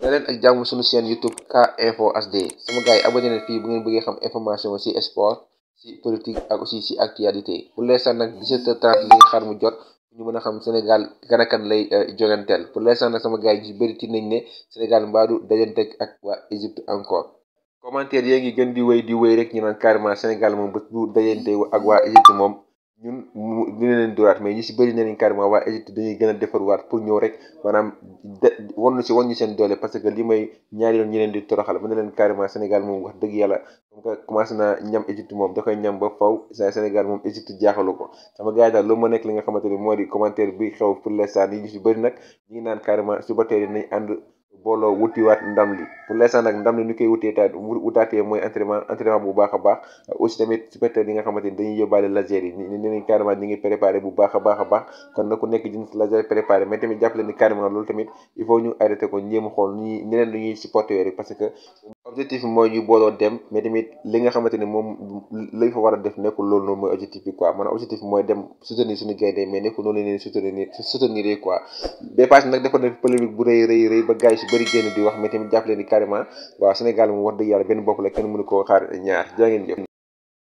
daleen ak jàmm suñu chaîne youtube k info hd sama gars yi fii bu ngeen bëggee xam information ci sport ci politique ak aussi ci actualité bu leesaan nag 17h30 li nga mu jot ñu mën a xam sénégal kan lay euh, joganteel pour sax nag sama gars yi ñu bëri tiit nañ ne sénégal mbaadu dajanteeg ak waa égypte encore commentaire yee ngi gën di wéy di wéy rek ñu naan carrément sénégal moom bés bu dajante ak waa égypte moom ñun mu dina leen dóoraat mais ñi si bëri ne nañ waa Égypte dañuy gën a pour ñëw rek maanaam de wan ñu si wan ñu seen doole parce que li may ñaari yoon ñi leen di toroxal mu ne leen carrément Sénégal moom wax dëgg yàlla comme que commencé naa ñam Égypte moom da koy ñam ba faw sa Sénégal moom Égypte jaaxalu ko sama gars yi daal loolu ma nekk li nga xamante ni moo di commentaire bi xew pour l'instant yi ñu si bëri nag ñi ngi naan carrément suba tey booloo wutiwaat ndam li pour l'instant ndam li ñu koy wutee wutaatee mooy entraînement entraînement bu baax a baax aussi tamit supporters yi nga xamante dañuy yóbbaale laser yi ne nañ carrément ngi préparé bu baax a baax a baax kon ku nekk jënd laser préparé mais tamit jàppale ni carrément loolu tamit il faut ñu arrêté ko ñéem xool ñi ñeneen lu ñuy supporter rek parce que objectif bi mooy ñu booloo dem mais tamit li nga xamante ni moom lañ fa war a def nekkul loolu noonu mooy objectif bi quoi maanaam objectif mooy dem soutenir suñu gaynde mais nekkul noonu leen soutenir soutenir yi quoi ba passé nag defoon na fi bu rëy rëy ba gars yi si bëri génn di wax mais tamit jàpp leen ni carrément waaw Sénégal moom wax dëgg yàlla benn bopp la kenn mënu koo xaar ñaar